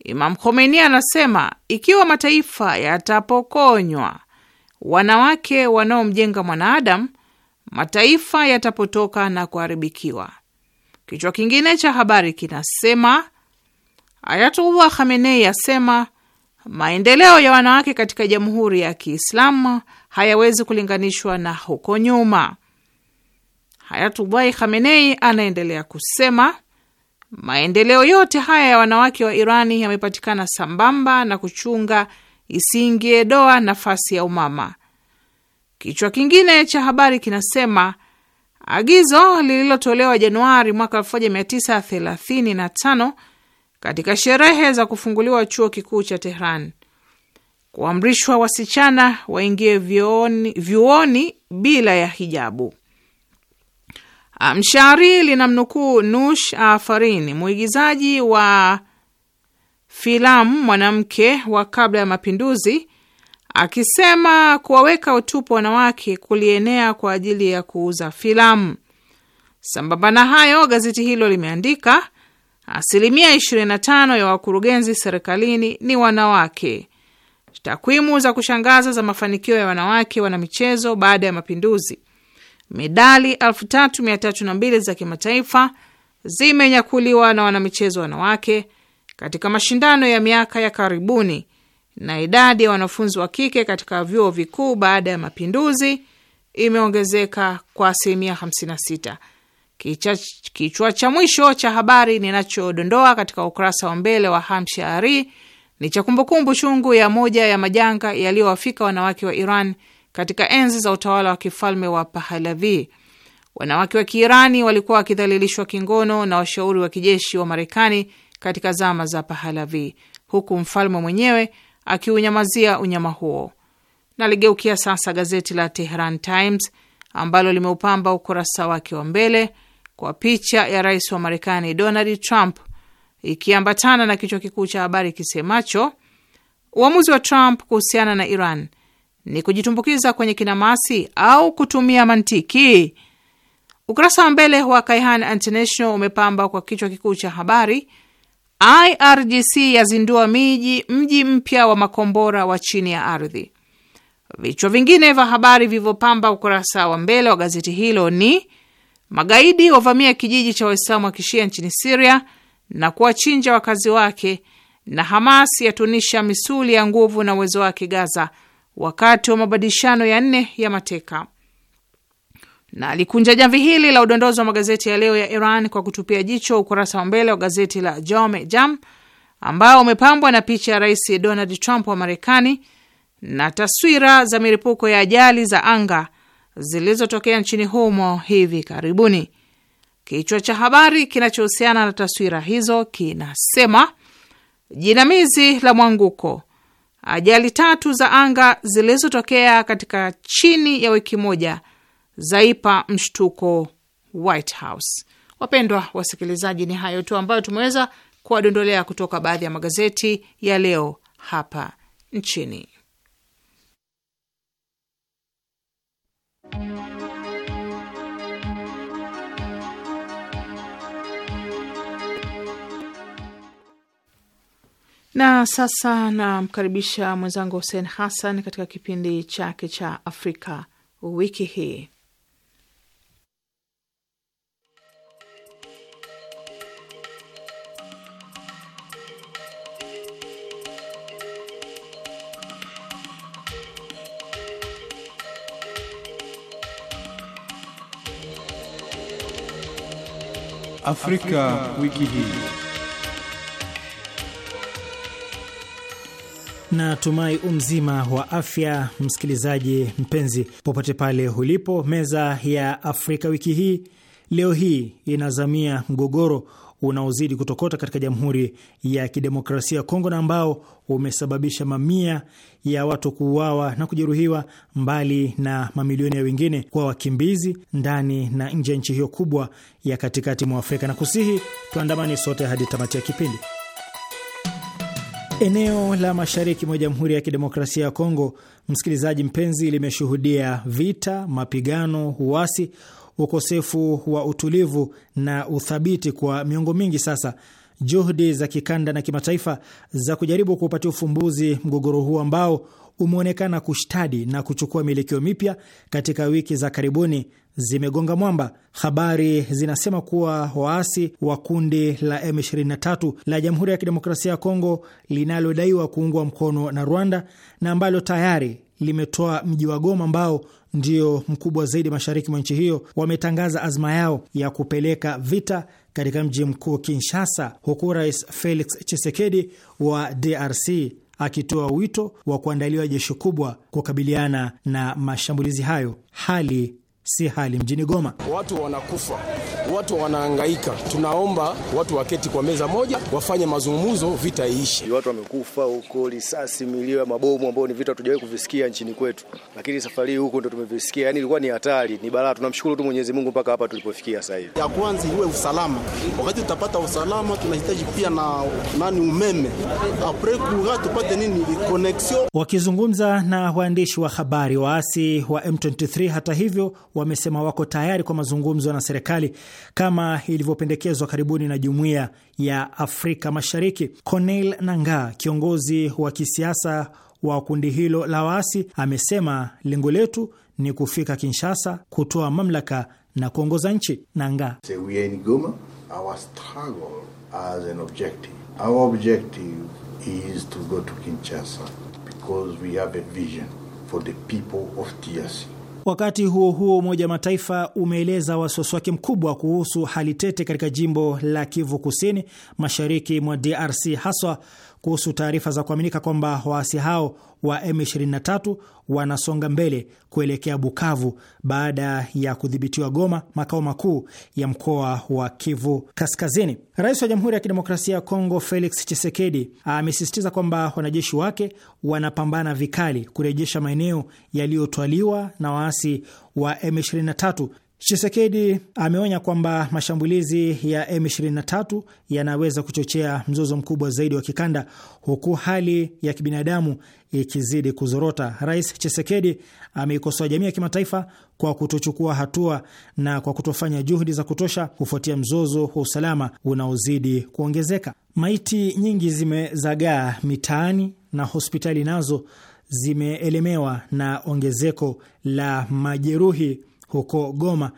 Speaker 3: Imam Khomeini anasema ikiwa mataifa yatapokonywa wanawake wanaomjenga mwanadamu mataifa yatapotoka na kuharibikiwa. Kichwa kingine cha habari kinasema Ayatullah Khamenei asema maendeleo ya wanawake katika Jamhuri ya Kiislamu hayawezi kulinganishwa na huko nyuma. Ayatullah Khamenei anaendelea kusema maendeleo yote haya ya wanawake wa Irani yamepatikana sambamba na kuchunga isiingie doa nafasi ya umama Kichwa kingine cha habari kinasema agizo lililotolewa Januari mwaka 1935 katika sherehe za kufunguliwa chuo kikuu cha Tehran kuamrishwa wasichana waingie vyuoni, vyuoni bila ya hijabu. Mshari linamnukuu Nush Afarin, mwigizaji wa filamu mwanamke wa kabla ya mapinduzi akisema kuwaweka utupu wanawake kulienea kwa ajili ya kuuza filamu. Sambamba na hayo, gazeti hilo limeandika asilimia 25 ya wakurugenzi serikalini ni wanawake. Takwimu za kushangaza za mafanikio ya wanawake wanamichezo baada ya mapinduzi. Medali 3302 za kimataifa zimenyakuliwa na wanamichezo wanawake katika mashindano ya miaka ya karibuni na idadi ya wanafunzi wa kike katika vyuo vikuu baada ya mapinduzi imeongezeka kwa asilimia 56. Kichwa, cha mwisho cha habari ninachodondoa katika ukurasa wa mbele wa Hamshari ni cha kumbukumbu chungu ya moja ya majanga yaliyowafika wanawake wa Iran katika enzi za utawala wa kifalme wa Pahalavi. Wanawake wa Kiirani walikuwa wakidhalilishwa kingono na washauri wa kijeshi wa Marekani katika zama za Pahalavi, huku mfalme mwenyewe akiunyamazia unyama huo. Naligeukia sasa gazeti la Tehran Times ambalo limeupamba ukurasa wake wa mbele kwa picha ya rais wa Marekani Donald Trump ikiambatana na kichwa kikuu cha habari kisemacho uamuzi wa Trump kuhusiana na Iran ni kujitumbukiza kwenye kinamasi au kutumia mantiki. Ukurasa wa mbele wa Kaihan International umepamba kwa kichwa kikuu cha habari IRGC yazindua miji mji mpya wa makombora wa chini ya ardhi. Vichwa vingine vya habari vilivyopamba ukurasa wa mbele wa gazeti hilo ni magaidi wavamia kijiji cha Waislamu wa kishia nchini Siria na kuwachinja wakazi wake, na Hamas yatunisha misuli ya nguvu na uwezo wake Gaza wakati wa mabadilishano ya nne ya mateka na alikunja jamvi hili la udondozi wa magazeti ya leo ya Iran kwa kutupia jicho ukurasa wa mbele wa gazeti la Jome Jam ambao umepambwa na picha ya Rais Donald Trump wa Marekani na taswira za milipuko ya ajali za anga zilizotokea nchini humo hivi karibuni. Kichwa cha habari kinachohusiana na taswira hizo kinasema jinamizi la mwanguko, ajali tatu za anga zilizotokea katika chini ya wiki moja zaipa mshtuko White House. Wapendwa wasikilizaji, ni hayo tu ambayo tumeweza kuwadondolea kutoka baadhi ya magazeti ya leo hapa nchini. Na sasa namkaribisha mwenzangu Hussein Hassan katika kipindi chake cha Afrika wiki hii.
Speaker 6: Afrika, wiki hii.
Speaker 1: Na tumai umzima wa afya, msikilizaji mpenzi, popote pale ulipo. Meza ya Afrika wiki hii leo hii inazamia mgogoro unaozidi kutokota katika Jamhuri ya Kidemokrasia ya Kongo na ambao umesababisha mamia ya watu kuuawa na kujeruhiwa, mbali na mamilioni ya wengine kuwa wakimbizi ndani na nje ya nchi hiyo kubwa ya katikati mwa Afrika, na kusihi tuandamani sote hadi tamati ya kipindi. Eneo la mashariki mwa Jamhuri ya Kidemokrasia ya Kongo, msikilizaji mpenzi, limeshuhudia vita, mapigano, uasi ukosefu wa utulivu na uthabiti kwa miongo mingi sasa. Juhudi za kikanda na kimataifa za kujaribu kuupatia ufumbuzi mgogoro huu ambao umeonekana kushtadi na kuchukua mielekeo mipya katika wiki za karibuni zimegonga mwamba. Habari zinasema kuwa waasi wa kundi la M23 la Jamhuri ya Kidemokrasia ya Kongo linalodaiwa kuungwa mkono na Rwanda na ambalo tayari limetoa mji wa Goma ambao ndio mkubwa zaidi mashariki mwa nchi hiyo wametangaza azma yao ya kupeleka vita katika mji mkuu Kinshasa, huku Rais Felix Tshisekedi wa DRC akitoa wito wa kuandaliwa jeshi kubwa kukabiliana na mashambulizi hayo. Hali si hali mjini Goma,
Speaker 6: watu wanakufa watu wanaangaika Tunaomba watu waketi kwa meza moja, wafanye mazungumzo, vita iishi. Watu wamekufa huko,
Speaker 1: risasi, milio ya mabomu ambao ni vita hatujawahi kuvisikia nchini kwetu, lakini safari hii huko ndo tumevisikia. Yani ilikuwa ni hatari, ni balaa. Tunamshukuru tu Mwenyezi Mungu mpaka hapa tulipofikia sasa hivi.
Speaker 6: Ya kwanza iwe usalama, wakati utapata usalama tunahitaji pia na nani, umeme apres kura tupate nini connection.
Speaker 1: Wakizungumza na waandishi wa habari, waasi wa M23 hata hivyo wamesema wako tayari kwa mazungumzo na serikali kama ilivyopendekezwa karibuni na Jumuiya ya Afrika Mashariki. corneil Nangaa, kiongozi wa kisiasa wa kundi hilo la waasi, amesema lengo letu ni kufika Kinshasa, kutoa mamlaka na kuongoza nchi. Nangaa
Speaker 6: because we have a vision for the people of DRC.
Speaker 1: Wakati huo huo, Umoja wa Mataifa umeeleza wasiwasi wake mkubwa kuhusu hali tete katika jimbo la Kivu Kusini, mashariki mwa DRC, haswa kuhusu taarifa za kuaminika kwamba waasi hao wa M23 wanasonga mbele kuelekea Bukavu baada ya kudhibitiwa Goma, makao makuu ya mkoa wa Kivu Kaskazini. Rais wa Jamhuri ya Kidemokrasia ya Kongo Felix Tshisekedi amesisitiza kwamba wanajeshi wake wanapambana vikali kurejesha maeneo yaliyotwaliwa na waasi wa M23 Chisekedi ameonya kwamba mashambulizi ya M23 yanaweza kuchochea mzozo mkubwa zaidi wa kikanda huku hali ya kibinadamu ikizidi kuzorota. Rais Chisekedi ameikosoa jamii ya kimataifa kwa kutochukua hatua na kwa kutofanya juhudi za kutosha kufuatia mzozo wa usalama unaozidi kuongezeka. Maiti nyingi zimezagaa mitaani na hospitali nazo zimeelemewa na ongezeko la majeruhi huko Goma.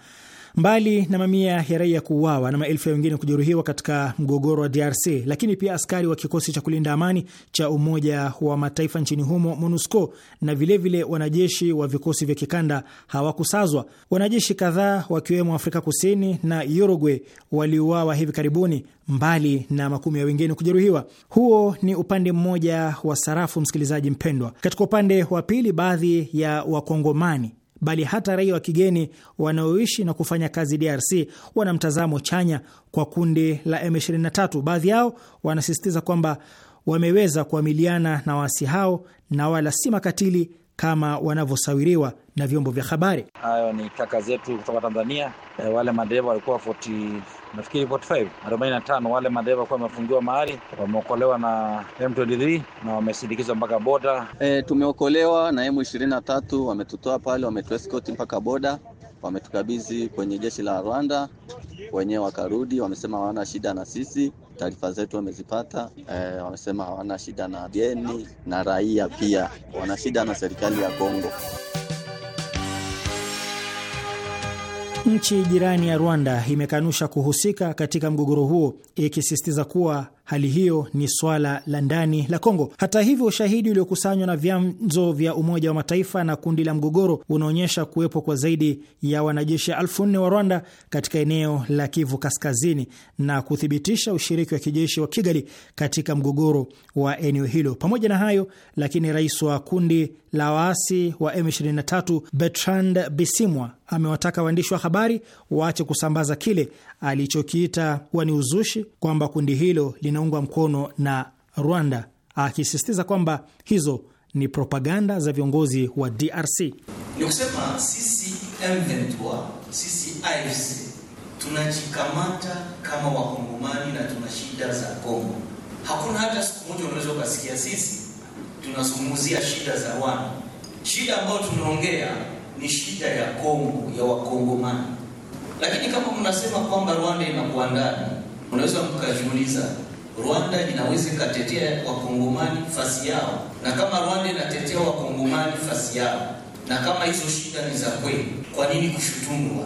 Speaker 1: Mbali na mamia ya raia kuuawa na maelfu ya wengine kujeruhiwa katika mgogoro wa DRC, lakini pia askari wa kikosi cha kulinda amani cha Umoja wa Mataifa nchini humo MONUSCO na vilevile vile wanajeshi wa vikosi vya kikanda hawakusazwa. Wanajeshi kadhaa wakiwemo Afrika Kusini na Uruguay waliuawa hivi karibuni, mbali na makumi ya wengine kujeruhiwa. Huo ni upande mmoja wa sarafu, msikilizaji mpendwa. Katika upande wa pili, baadhi ya Wakongomani bali hata raia wa kigeni wanaoishi na kufanya kazi DRC wana mtazamo chanya kwa kundi la M23. Baadhi yao wanasisitiza kwamba wameweza kuamiliana na waasi hao na wala si makatili kama wanavyosawiriwa na vyombo vya habari.
Speaker 3: Hayo ni kaka zetu kutoka Tanzania. E, wale madereva walikuwa 40 nafikiri 45 45, wale madereva walikuwa wamefungiwa mahali, wameokolewa na M23 na wamesindikizwa mpaka boda.
Speaker 2: E, tumeokolewa na M23, wametutoa pale, wametueskoti mpaka boda wametukabidhi kwenye jeshi la Rwanda, wenyewe wakarudi, wamesema hawana shida na sisi, taarifa zetu wamezipata. E, wamesema hawana shida na wageni na raia, pia wana shida na serikali ya Kongo.
Speaker 1: Nchi jirani ya Rwanda imekanusha kuhusika katika mgogoro huo ikisisitiza kuwa hali hiyo ni swala la ndani la Kongo. Hata hivyo, ushahidi uliokusanywa na vyanzo vya Umoja wa Mataifa na kundi la mgogoro unaonyesha kuwepo kwa zaidi ya wanajeshi elfu nne wa Rwanda katika eneo la Kivu Kaskazini na kuthibitisha ushiriki wa kijeshi wa Kigali katika mgogoro wa eneo hilo. Pamoja na hayo lakini, rais wa kundi la waasi wa M23 Bertrand Bisimwa amewataka waandishi wa habari waache kusambaza kile alichokiita kuwa ni uzushi kwamba kundi hilo lina inaungwa mkono na Rwanda, akisisitiza kwamba hizo ni propaganda za viongozi wa DRC.
Speaker 6: Ni kusema sisi M23, sisi AFC tunajikamata kama wakongomani na tuna shida za Kongo. Hakuna hata siku moja unaweza ukasikia sisi tunazungumzia shida za Rwanda. Shida ambayo tunaongea ni shida ya Kongo, ya wakongomani. Lakini kama mnasema kwamba Rwanda inakuwa ndani, unaweza mkajiuliza Rwanda inaweza ikatetea wakongomani fasi yao, na kama Rwanda inatetea wakongomani fasi yao, na kama hizo shida ni za kweli, kwa nini kushutumwa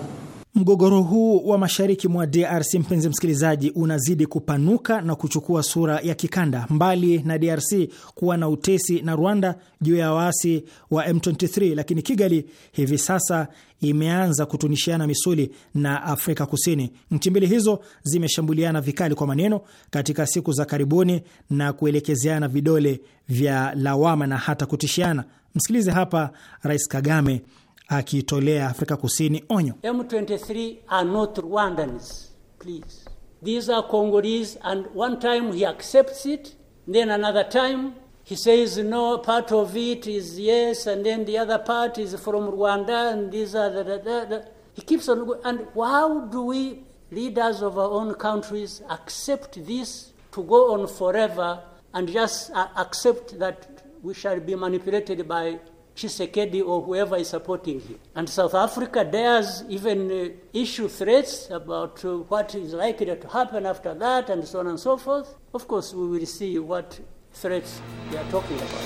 Speaker 1: Mgogoro huu wa mashariki mwa DRC, mpenzi msikilizaji, unazidi kupanuka na kuchukua sura ya kikanda. Mbali na DRC kuwa na utesi na Rwanda juu ya waasi wa M23, lakini Kigali hivi sasa imeanza kutunishiana misuli na Afrika Kusini. Nchi mbili hizo zimeshambuliana vikali kwa maneno katika siku za karibuni na kuelekezeana vidole vya lawama na hata kutishiana. Msikilize hapa Rais Kagame akiitolea Afrika Kusini onyo.
Speaker 4: M23 are not Rwandans, please. These are Congolese and one time he accepts it, then another time he says no, part of it is yes and then the other part is from Rwanda and these are the, the, the. He keeps on and how do we leaders of our own countries accept this to go on forever and just accept that we shall be manipulated by Chisekedi or whoever is supporting him. And South Africa dares even uh, issue threats about uh, what is likely to happen after that and so on and so forth. Of course, we will see what threats they are talking about.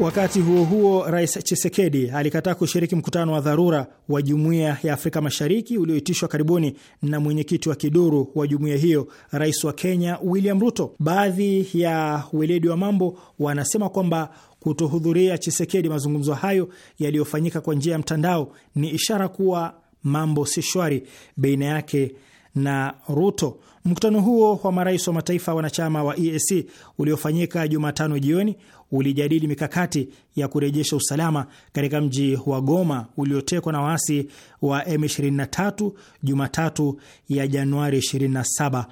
Speaker 1: Wakati huo huo, Rais Chisekedi alikataa kushiriki mkutano wa dharura wa Jumuiya ya Afrika Mashariki ulioitishwa karibuni na mwenyekiti wa kiduru wa jumuiya hiyo, Rais wa Kenya William Ruto. Baadhi ya weledi wa mambo wanasema kwamba kutohudhuria Chisekedi mazungumzo hayo yaliyofanyika kwa njia ya mtandao ni ishara kuwa mambo si shwari baina yake na Ruto. Mkutano huo wa marais wa mataifa wanachama wa EAC uliofanyika Jumatano jioni ulijadili mikakati ya kurejesha usalama katika mji wa Goma uliotekwa na waasi wa M23 Jumatatu ya Januari 27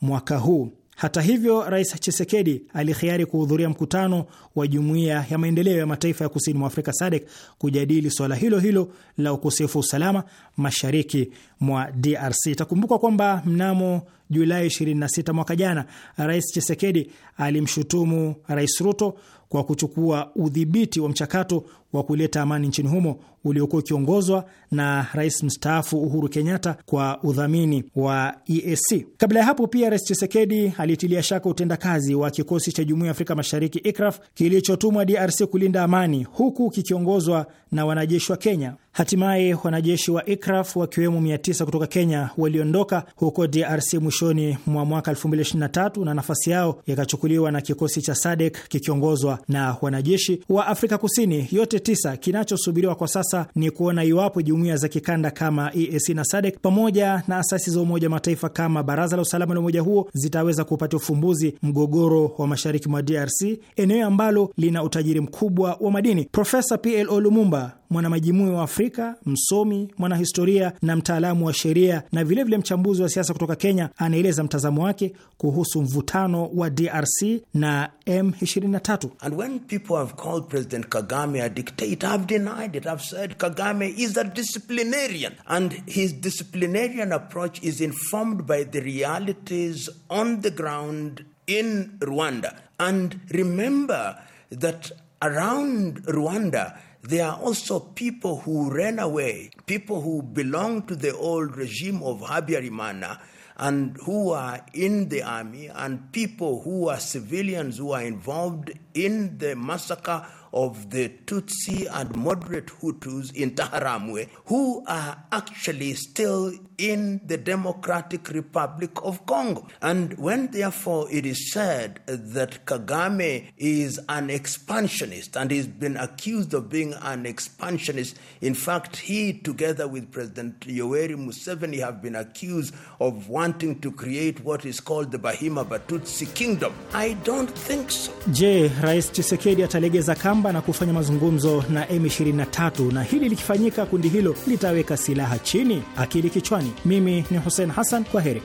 Speaker 1: mwaka huu. Hata hivyo, Rais Chisekedi alihiari kuhudhuria mkutano wa Jumuiya ya Maendeleo ya Mataifa ya Kusini mwa Afrika SADC kujadili swala hilo hilo la ukosefu wa usalama mashariki mwa DRC. Itakumbuka kwamba mnamo Julai 26 mwaka jana, Rais Chisekedi alimshutumu Rais Ruto kwa kuchukua udhibiti wa mchakato wa kuleta amani nchini humo uliokuwa ukiongozwa na rais mstaafu Uhuru Kenyatta kwa udhamini wa EAC. Kabla ya hapo pia, rais Chisekedi alitilia shaka utendakazi wa kikosi cha Jumuiya ya Afrika Mashariki ICRAF kilichotumwa DRC kulinda amani huku kikiongozwa na wanajeshi wa Kenya. Hatimaye wanajeshi wa ICRAF wakiwemo 900 kutoka Kenya waliondoka huko DRC mwishoni mwa mwaka 2023 na nafasi yao yakachukuliwa na kikosi cha SADC kikiongozwa na wanajeshi wa Afrika Kusini. Yote yote tisa, kinachosubiriwa kwa sasa ni kuona iwapo jumuiya za kikanda kama EAC na SADC pamoja na asasi za Umoja Mataifa kama Baraza la Usalama la umoja huo zitaweza kupata ufumbuzi mgogoro wa mashariki mwa DRC, eneo ambalo lina utajiri mkubwa wa madini. Profesa PLO Lumumba mwanamajimui wa Afrika, msomi, mwanahistoria na mtaalamu wa sheria na vilevile vile mchambuzi wa siasa kutoka Kenya, anaeleza mtazamo
Speaker 6: wake kuhusu mvutano wa DRC na M23. And when people have called President Kagame a dictator, I've denied it. I've said Kagame is a disciplinarian and his disciplinarian approach is informed by the realities on the ground in Rwanda. And remember that around Rwanda There are also people who ran away, people who belong to the old regime of Habyarimana and who are in the army, and people who are civilians who are involved in the massacre of the Tutsi and moderate Hutus in Taharamwe, who are actually still in the Democratic Republic of Congo. And when therefore it is said that Kagame is an expansionist and he's been accused of being an expansionist, in fact, he together with President Yoweri Museveni have been accused of wanting to create what is called the Bahima Batutsi Kingdom. I don't think
Speaker 1: so. Je, Rais Tshisekedi atalegeza kamba na kufanya mazungumzo na M23 na hili likifanyika kundi hilo litaweka silaha chini akili kichwani. Teherani. Mimi ni Hussein Hassan, kwa heri.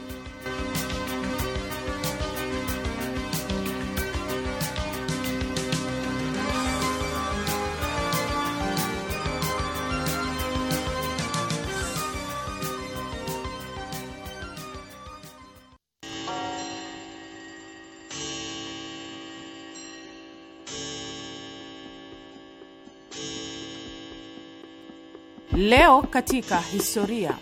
Speaker 3: Leo katika historia.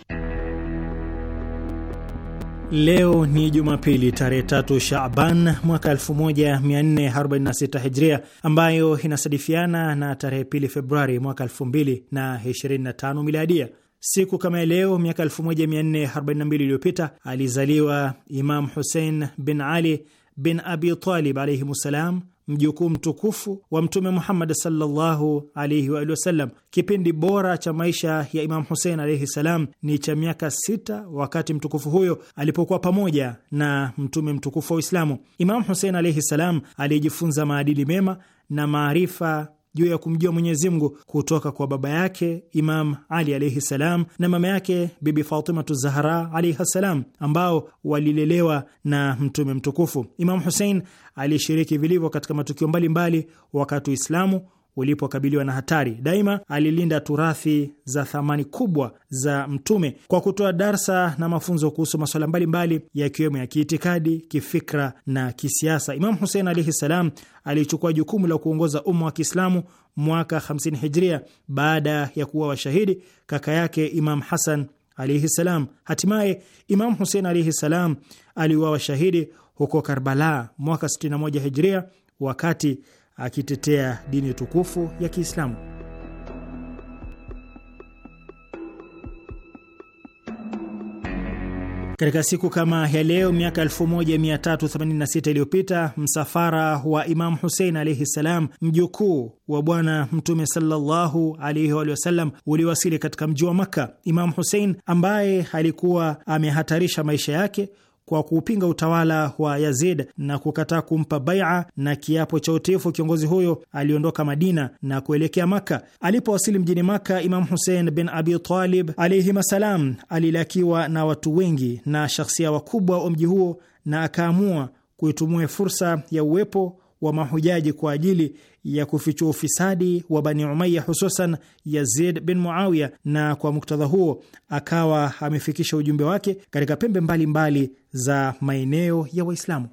Speaker 1: Leo ni Jumapili tarehe tatu Shaban mwaka 1446 Hijria, ambayo inasadifiana na tarehe pili Februari mwaka 2025 Miladia. Siku kama ya leo miaka 1442 iliyopita alizaliwa Imam Husein bin Ali bin Abi Talib alaihimussalam mjukuu mtukufu wa Mtume Muhammad sallallahu alaihi waalihi wasallam. Kipindi bora cha maisha ya Imamu Husein alaihi salam ni cha miaka sita, wakati mtukufu huyo alipokuwa pamoja na Mtume mtukufu wa Uislamu. Imamu Husein alaihi salam aliyejifunza maadili mema na maarifa juu ya kumjua Mwenyezi Mungu kutoka kwa baba yake Imam Ali alaihi salam na mama yake Bibi Fatimatu Zahra alaihi salam, ambao walilelewa na Mtume mtukufu. Imam Husein alishiriki vilivyo katika matukio mbalimbali wakati wa Uislamu ulipokabiliwa na hatari. Daima alilinda turathi za thamani kubwa za Mtume kwa kutoa darsa na mafunzo kuhusu masuala mbalimbali yakiwemo ya kiitikadi, kifikra na kisiasa. Imamu Husein alaihi ssalam alichukua jukumu la kuongoza umma wa Kiislamu mwaka 50 hijria baada ya kuwa washahidi kaka yake Imam Hasan alaihi ssalam. Hatimaye Imam Husein alaihi ssalam aliuawa shahidi huko Karbala mwaka 61 hijria wakati akitetea dini tukufu ya Kiislamu. Katika siku kama ya leo miaka 1386 iliyopita msafara wa Imamu Husein alaihi ssalam, mjukuu wa Bwana Mtume sallallahu alaihi wa sallam, uliwasili katika mji wa Makka. Imamu Husein ambaye alikuwa amehatarisha maisha yake kwa kuupinga utawala wa Yazid na kukataa kumpa baia na kiapo cha utiifu, kiongozi huyo aliondoka Madina na kuelekea Maka. Alipowasili mjini Maka, Imam Husein bin Abi Talib alaihim assalam alilakiwa na watu wengi na shakhsia wakubwa wa mji huo, na akaamua kuitumia fursa ya uwepo wa mahujaji kwa ajili ya kufichua ufisadi wa Bani Umaya, hususan Yazid bin Muawiya, na kwa muktadha huo akawa amefikisha ujumbe wake katika pembe mbalimbali mbali za maeneo ya Waislamu.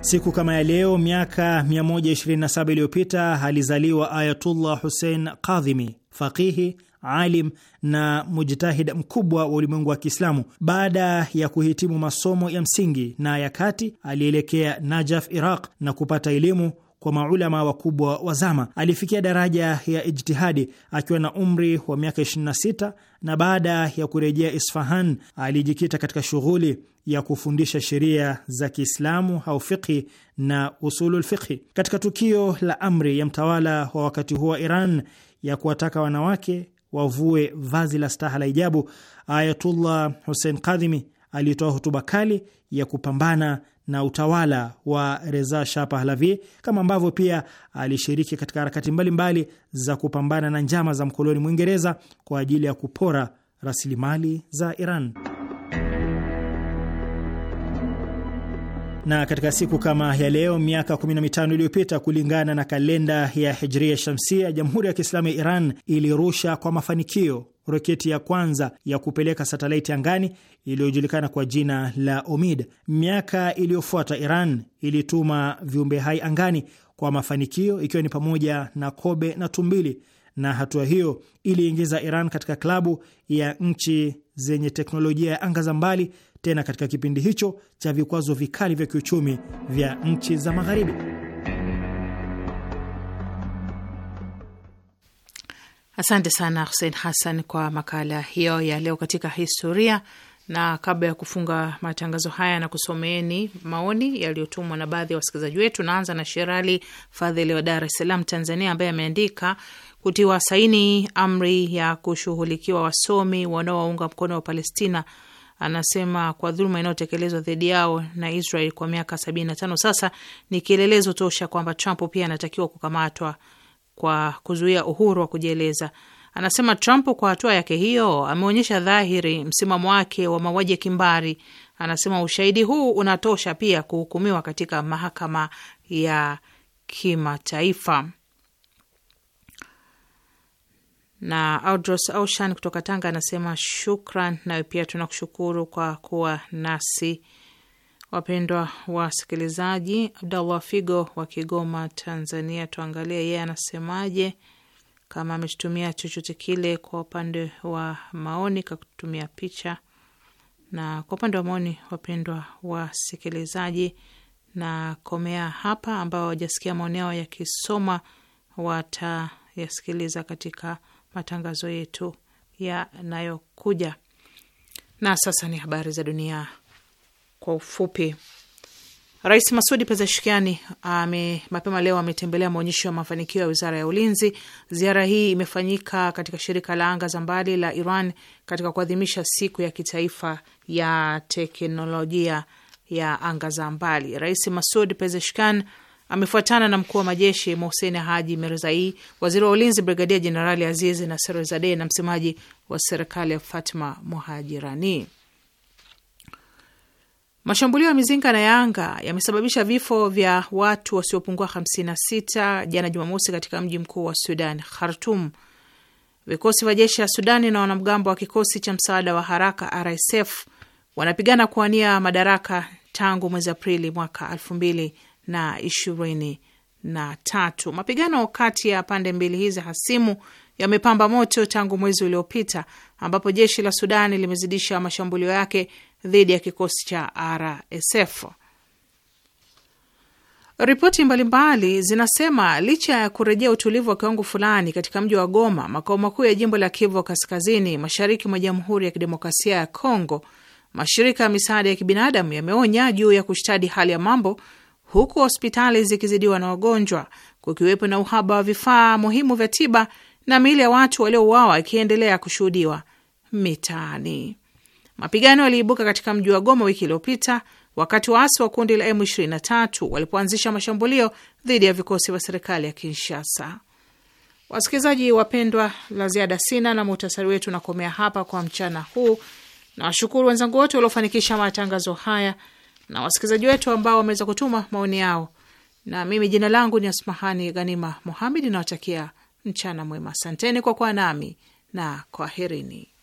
Speaker 1: Siku kama ya leo miaka 127 iliyopita alizaliwa Ayatullah Hussein Kadhimi, faqihi alim na mujtahid mkubwa wa ulimwengu wa Kiislamu. Baada ya kuhitimu masomo ya msingi na ya kati, alielekea Najaf, Iraq na kupata elimu kwa maulama wakubwa wa zama. Alifikia daraja ya ijtihadi akiwa na umri wa miaka 26 na baada ya kurejea Isfahan alijikita katika shughuli ya kufundisha sheria za Kiislamu au fiqhi na usulul fiqhi. Katika tukio la amri ya mtawala wa wakati huo wa Iran ya kuwataka wanawake wavue vazi la staha la hijabu, Ayatullah Hussein Kadhimi alitoa hotuba kali ya kupambana na utawala wa Reza Shah Pahlavi, kama ambavyo pia alishiriki katika harakati mbalimbali za kupambana na njama za mkoloni Mwingereza kwa ajili ya kupora rasilimali za Iran. na katika siku kama ya leo miaka 15 iliyopita kulingana na kalenda ya Hijria Shamsia, Jamhuri ya Kiislamu ya Iran ilirusha kwa mafanikio roketi ya kwanza ya kupeleka satelaiti angani iliyojulikana kwa jina la Omid. Miaka iliyofuata Iran ilituma viumbe hai angani kwa mafanikio, ikiwa ni pamoja na kobe na tumbili, na hatua hiyo iliingiza Iran katika klabu ya nchi zenye teknolojia ya anga za mbali tena katika kipindi hicho cha vikwazo vikali vya kiuchumi vya nchi
Speaker 3: za Magharibi. Asante sana Hussein Hassan kwa makala hiyo ya leo katika historia. Na kabla ya kufunga matangazo haya na kusomeeni maoni yaliyotumwa na baadhi ya wasikilizaji wetu, naanza na Sherali Fadhili wa Dar es Salaam, Tanzania, ambaye ameandika kutiwa saini amri ya kushughulikiwa wasomi wanaowaunga mkono wa Palestina anasema kwa dhuluma inayotekelezwa dhidi yao na Israel kwa miaka tano sasa ni kielelezo tosha kwamba Trump pia anatakiwa kukamatwa kwa kuzuia uhuru wa kujieleza. Anasema Trump kwa hatua yake hiyo ameonyesha dhahiri msimamo wake wa mauaji ya kimbari. Anasema ushahidi huu unatosha pia kuhukumiwa katika mahakama ya kimataifa na Audros Oshan kutoka Tanga anasema shukran. Nayo pia tunakushukuru kwa kuwa nasi. Wapendwa wasikilizaji, Abdallah Figo wa Kigoma, Tanzania, tuangalie yeye anasemaje, kama ametutumia chochote kile kwa upande wa maoni, kakutumia picha. Na kwa upande wa maoni, wapendwa wasikilizaji, na komea hapa, ambao wajasikia maoneo yakisoma watayasikiliza katika matangazo yetu yanayokuja. Na sasa ni habari za dunia kwa ufupi. Rais Masudi Pezeshkiani ame mapema leo ametembelea maonyesho ya mafanikio ya wizara ya ulinzi. Ziara hii imefanyika katika shirika la anga za mbali la Iran katika kuadhimisha siku ya kitaifa ya teknolojia ya anga za mbali. Rais Masud pezeshkan amefuatana na mkuu wa majeshi Mohsen Haji Merzai, waziri wa ulinzi Brigadia Jenerali Azizi Nasserezadeh na msemaji wa serikali ya Fatma Mohajirani. Mashambulio ya mizinga na yanga yamesababisha vifo vya watu wasiopungua 56 jana Jumamosi katika mji mkuu wa Sudan, Khartum. Vikosi vya jeshi la Sudani na wanamgambo wa kikosi cha msaada wa haraka RSF wanapigana kuwania madaraka tangu mwezi Aprili mwaka na ishirini na tatu. Mapigano kati ya pande mbili hizi hasimu yamepamba moto tangu mwezi uliopita ambapo jeshi la Sudani limezidisha mashambulio yake dhidi ya kikosi cha RSF. Ripoti mbalimbali zinasema licha ya kurejea utulivu wa kiwango fulani katika mji wa Goma, makao makuu ya jimbo la Kivu Kaskazini, mashariki mwa Jamhuri ya Kidemokrasia ya Kongo, mashirika ya misaada ya kibinadamu yameonya juu ya kushtadi hali ya mambo huku hospitali zikizidiwa na wagonjwa, kukiwepo na uhaba wa vifaa muhimu vya tiba na miili ya watu waliouawa ikiendelea kushuhudiwa mitaani. Mapigano yaliibuka katika mji wa Goma wiki iliyopita wakati waasi wa kundi la M23 walipoanzisha mashambulio dhidi ya vikosi vya serikali ya Kinshasa. Wasikilizaji wapendwa, la ziada sina na muhtasari wetu unakomea hapa kwa mchana huu, na washukuru wenzangu wote waliofanikisha matangazo haya na wasikilizaji wetu ambao wameweza kutuma maoni yao. Na mimi jina langu ni Asmahani Ghanima Muhamedi, nawatakia mchana mwema. Asanteni kwa kuwa nami na kwaherini.